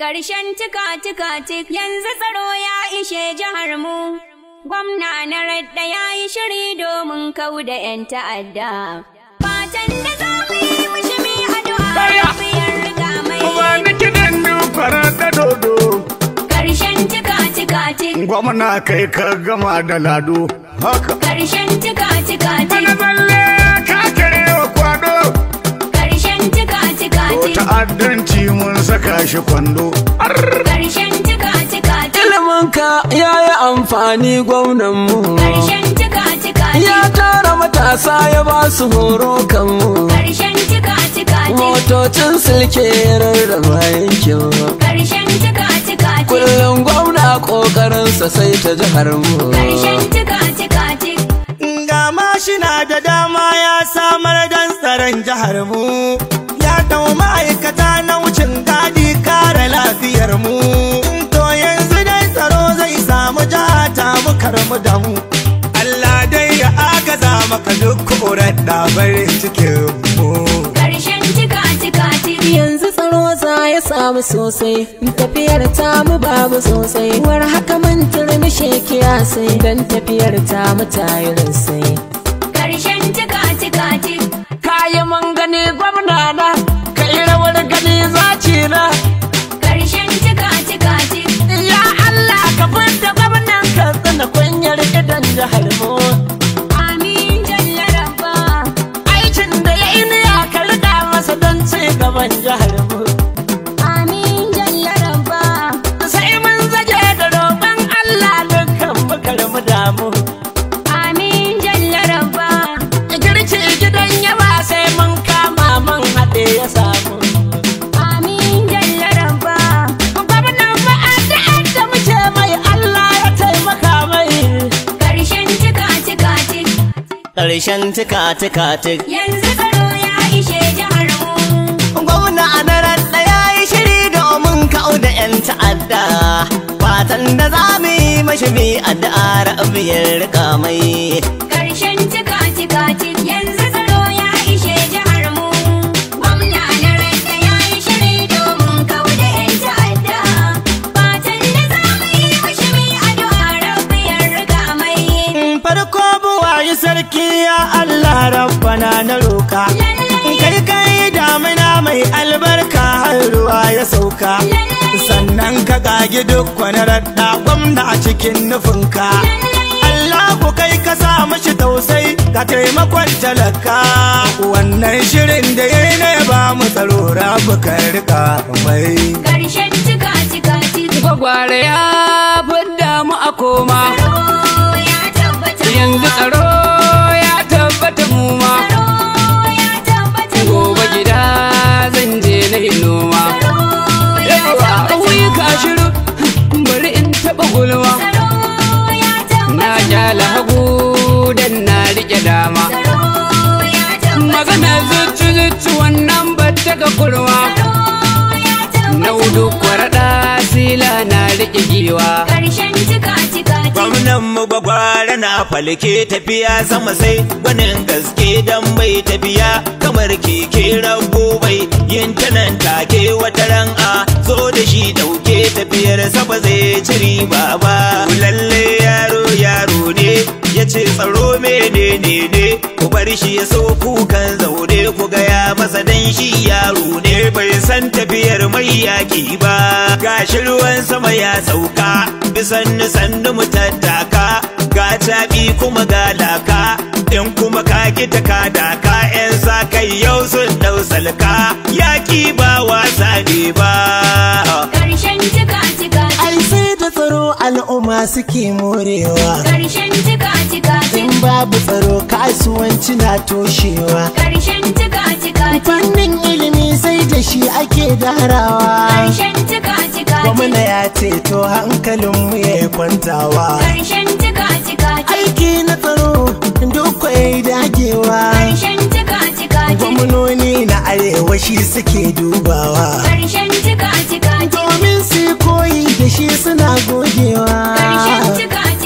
Ƙarshen cika cika yanzu tsaro ya ishe jihar mu. Gwamna na radda ya yi shiri domin kau da 'yan ta'adda. Fatan da za mu yi mushi mi addu'a biyar riga mai. Kuma ni kiɗan fara da dodo. Ƙarshen cika cika Gwamna kai ka gama da lado. Haka. Ƙarshen cika cika cik. Bana balle ta'addanci mun saka shi kwando ƙarshen cika cika iliminka ya yi amfani gwamnan gwamnanmu ƙarshen cika cika ya tara matasa ya ba su horo kan kanmu ƙarshen cika cika motocin silke rarraba yankin ƙarshen cika cika kullum gwamna ƙoƙarinsa sai ta jihar mu ƙarshen cika cika ga mashina da dama ya samar don tsaron jihar mu ɗau ma'aikata na wucin gadi kare lafiyar mu to yanzu dai tsaro zai samu jiha ta mu karmu da mu Allah dai ya agaza maka duk koren ɗabarin cikin mu Karshen cika cika yanzu tsaro za ya samu sosai tafiyar ta mu babu sosai war haka mun turmishe kiyasai dan tafiyar ta mu tayirin sai ƙarshen cika cika ciki kayi mun gani gwamna na hankali za ci na Karshen cika cika ci Ya Allah ka fita gwamnan ka tsana kunyar idan jihar mu Amin jalla rabba Aikin da ya yi ya karka masa don ci gaban jihar shan tuka tuka tuk. Yanzu tsaro ya ishe jihar mu. Gwamna a daren ɗaya yi shiri domin kau da 'yan ta'adda. Fatan da za mu yi mashi bi addu'a biyar rikamai. ruwa ya sauka sannan ka kage duk wani radda gwamna a cikin nufinka Allah ku kai ka sa mashi tausai ka taimakon talaka wannan shirin da ya ne ba mu tsaro rabu kan rika mai karshen cika ya fidda mu a koma yanzu tsaro na riƙe giwa ƙarshen cika cika gwamnan mu gwagwara na falke tafiya sama sai gwanin gaske dan bai tafiya kamar keke rabu bai yin nan take wataran a zo da shi dauke tafiyar sa ba zai ci riba ba ce tsaro menene ne ku bar shi ya so kukan zaune ku gaya masa dan shi yaro ne bai san tafiyar mai yaki ba gashi ruwan sama ya sauka bisan nisan da mutattaka ga tabi kuma ga laka in kuma ka ki taka daka yan sa kai yau sun dau salka yaki ba wasa ne ba tsaro al'umma suke morewa ƙarshen cika cika in babu tsaro kasuwanci na toshewa ƙarshen cika cika fannin ilimi sai da shi ake darawa ƙarshen cika cika gwamna ya ce to hankalin mu ya kwantawa ƙarshen cika cika aiki na tsaro duk ya dagewa ƙarshen cika Munoni na arewa shi suke dubawa Karshen cika cika domin su koyi da shi suna gogewa Karshen cika cika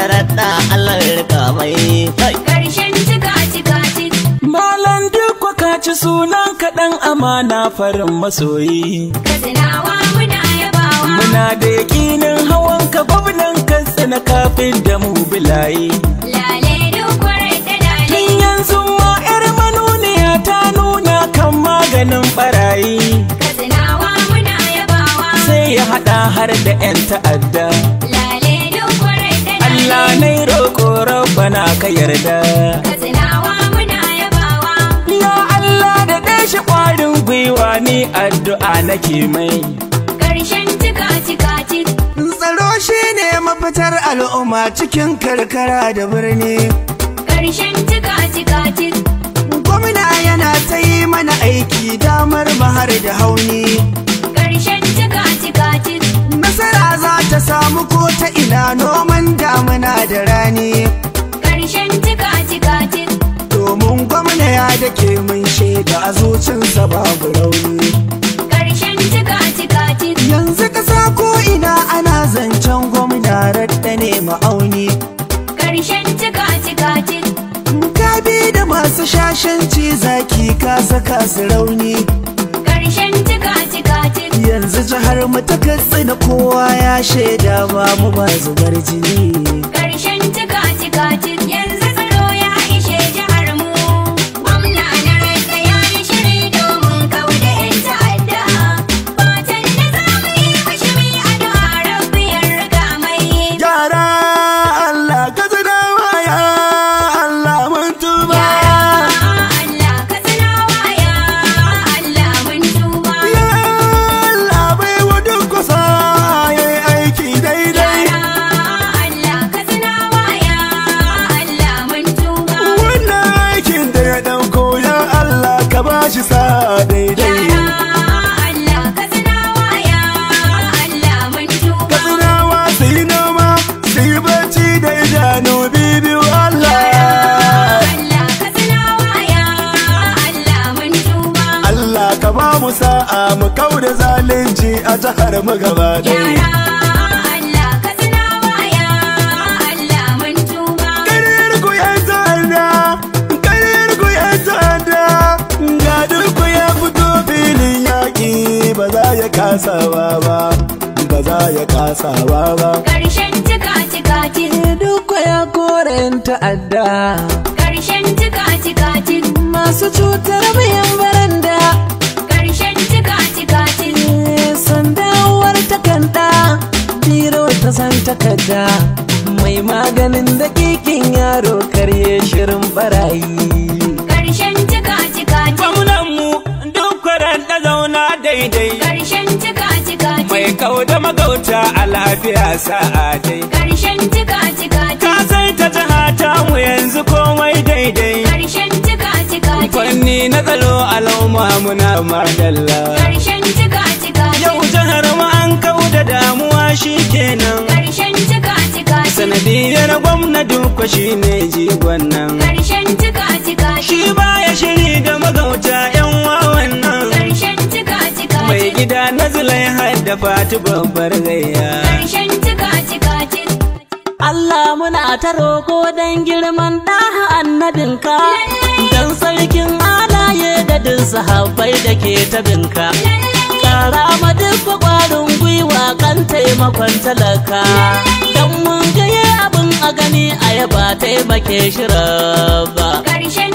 na raɗa Allah ya rika mai. Karshen cika cika cik. Malam duk ka ci sunan kaɗan amana farin masoyi. Katsinawa muna yabawa. Muna da yakinin hawan ka gwamnan kansa na kafin da mu bilayi. Lale dukwarai da lale. Tun yanzu ma 'yar manuniya ta nuna kan maganin barayi. Katsinawa muna yabawa. Sai ya haɗa har da 'yan ta'adda. ka yarda katsinawa muna yabawa ya Allah da dashi kwarin gwiwa ni addu'a nake mai karshen cika cika tsaro ne mafitar al'umma cikin karkara da birni karshen cika cika gwamna yana ta yi mana aiki damar mahar da hauni ƙarshen cika-cika nasara za ta samu ko ta ina noman damuna da rani a zucinsa babu rauni ƙarshen cika cika yanzu ƙasa ko ina ana zancen gwamna radda ne ma'auni ƙarshen cika cika ka bi da masu shashanci zaki ka saka su rauni ƙarshen cika cika yanzu jihar mu ta na kowa ya shaida ba mu ba zubar jini kasawa ba ba za ya kasawa ba karshen cika cika cikin eh, duk ya koren ta'adda karshen cika cika cikin masu cutar bayan baranda karshen cika cika cin eh, sandawar takanɗa. biro ta san takarda mai maganin daƙiƙa magauta a lafiya sa'a dai ƙarshen tika tika ta sai ta jiha ta mu yanzu komai daidai ƙarshen tika tika fanni na tsalo alauma muna madalla ƙarshen tika tika yau jihar mu an kauda damuwa shikenan ƙarshen tika tika sanadiyar gwamna duka shine jigon nan ƙarshen tika tika shi baya shi fati babbar gayya. Ƙarshen cika cika Allah muna ta roƙo don girman ɗaha annabinka. Don sarkin alaye da duk sahabbai da ke tabinka. Ƙara ma duk ƙwarin gwiwa kan taimakon talaka. Don mun gaye abin a gani a yaba taimake shi raba. Ƙarshen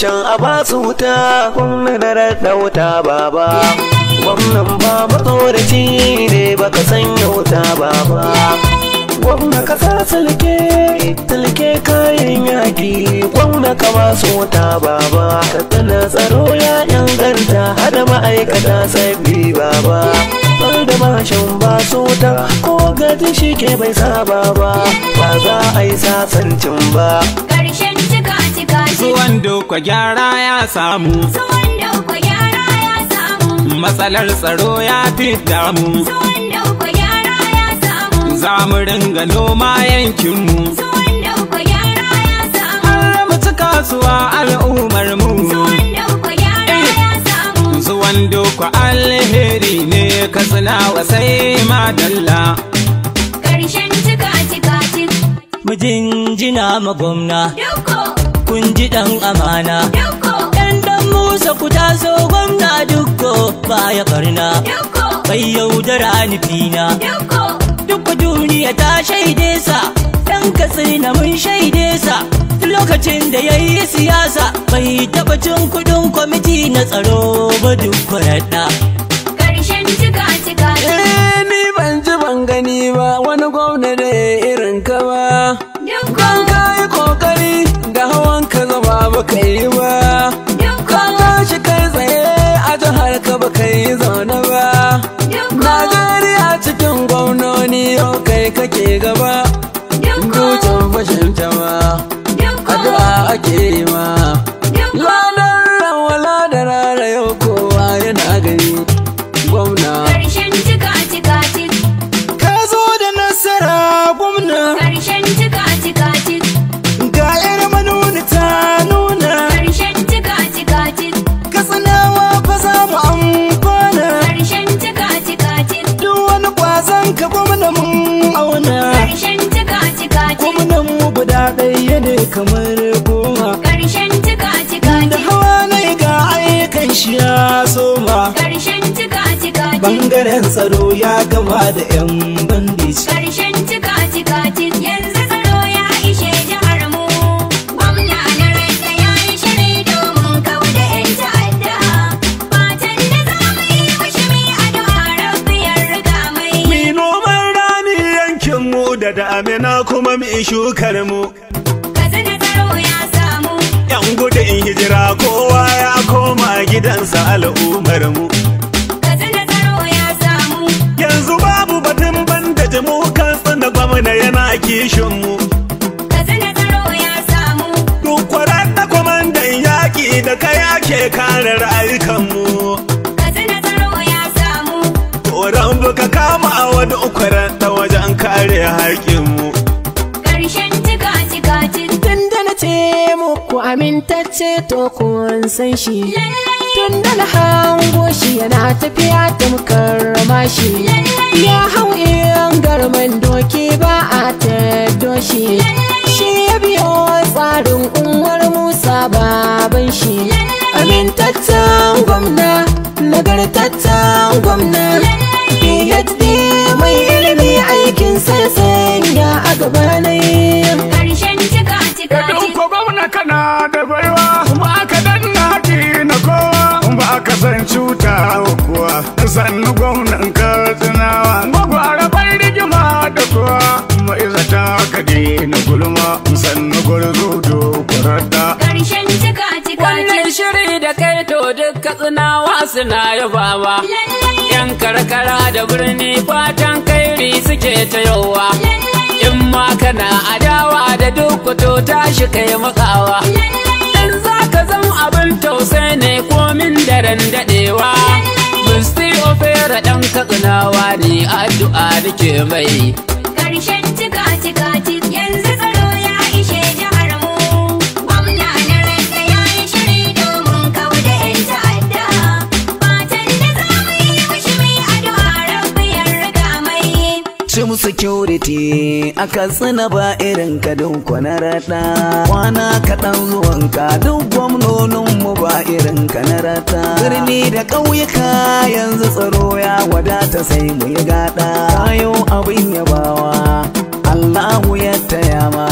can a ba su wuta gwamna na raɗauta baba gwamnan ba matsoraci ne baka sanya wuta baba gwamna ka sa silke silke kayan yaƙi gwamna ka ba su wuta baba ka tana tsaro ya inganta hada ma'aikata sabbi baba har da bashin ba su wuta ko gadi shi ke bai saba ba ba za a yi sasancin ba Zuwan doko gyara ya samu Matsalar tsaro ya fi damu Za mu ringa noma yankinmu Har mu ci kasuwa al'ummarmu Zuwan doko eh. alheri ne ka wa sai madalla Ƙarshen cika cika cik Mijin jina magwamna kun ji ɗan amana yan dan musa ku taso gwamna dukko baya karna bai yaudara nufina duk duniya ta shaide sa dan katsi na mun shaide sa lokacin da ya yi siyasa bai taɓa cin kuɗin kwamiti na tsaro ba duk raɗa ƙarshen cika cika eh, ni ban ji ban gani ba wani gwamna da irin ka ba baka yi Da Amina kuma mu shukar mu kazana tsaro ya samu yan gudun hijira kowa ya koma gidansa al'ummar mu kazana tsaro ya samu yanzu babu batun banda mu kan tsanda gwamna yana kishin mu kazana tsaro ya samu duk kwarar da kwamandan yaƙi da ka yake kare rayukan mu kazana tsaro ya samu koran buka kama a wani ukwaran ku amintacce to kun san shi tun da na hango shi yana tafiya tamkar shi. ya hau in garman doki ba a taddo shi shi ya biyo tsarin umar musa baban shi amintaccen gwamna nagartaccen gwamna phd mai ilimi aikin sassa gwamnan katsinawa magwara bai rigima da kuwa ma'iza ta kaɗe na gulma sannu gwarzo do kurarta ƙarshen cika cika wannan shiri da kai to duk katsinawa suna yabawa yan karkara da birni fatan kairi suke ta yawa in ma kana adawa da duk kwato tashi kai makawa dan zaka zama abin tausayi ne komin daren daɗewa Nura ɗan katsinawa ne addu'a nake mai. Karshen cika cika Shim security a sana ba irin ka don narata. rata. Kwana kaɗan zuwan ka duk gwamnonin mu ba irin ka na rata. Birni da ƙauyuka yanzu tsaro ya wadata sai mu yi gaɗa. Kayo abin yabawa Allahu ya taya ma.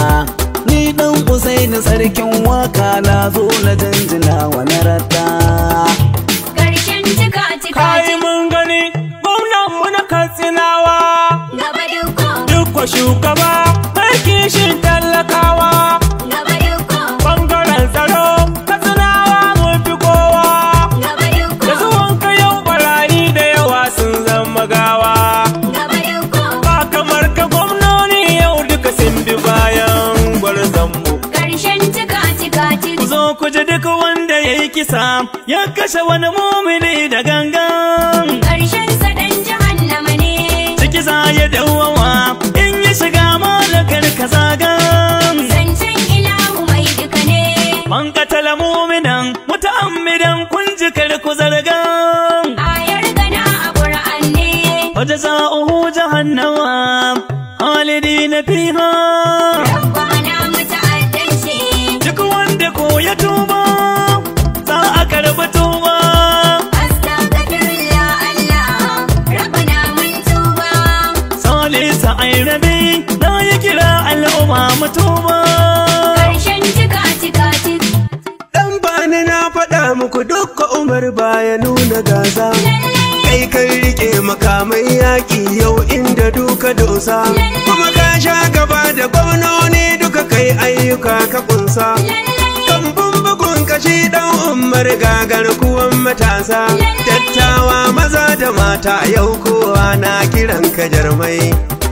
Ni dan Usaini sarkin waka na zo na janjina wa na rata. Ƙarshen cika cika. Kayi mun gani gwamnan mu na Gaba duko. Duko shugaba, barkishin shi talakawa. Gaba duko. Bangaren tsaro, katsinawa mun fi kowa. Gaba duko. Da zuwan yau barani da yawa sun zama gawa. Gaba duko. Ba kamar ka gwamnoni yau duka sun bi bayan gwarzonmu. Karshen cika cika cika. zo ku ji duk wanda ya yi kisa, ya kashe wani mumini da gangan. idan kunjikar ji kar ku zarga gana a qur'an ne wa jazaohu jahannama halidina fiha rabbana muta'addan shi duk wanda ko ya tuba za a karba tuba astaghfirullah allah rabbana mun tuba salisa ayrabi da ya kira al'umma mutuba ku ɗauka umar ya nuna gaza kai kan rike makamai yaƙi yau inda duka dosa kuma ka sha gaba da gwamnoni duka kai ayyuka ka kunsa kambun bugun kashi ɗan umar gagar kuwan matasa Tattawa maza da mata yau kowa na kiran ka jarmai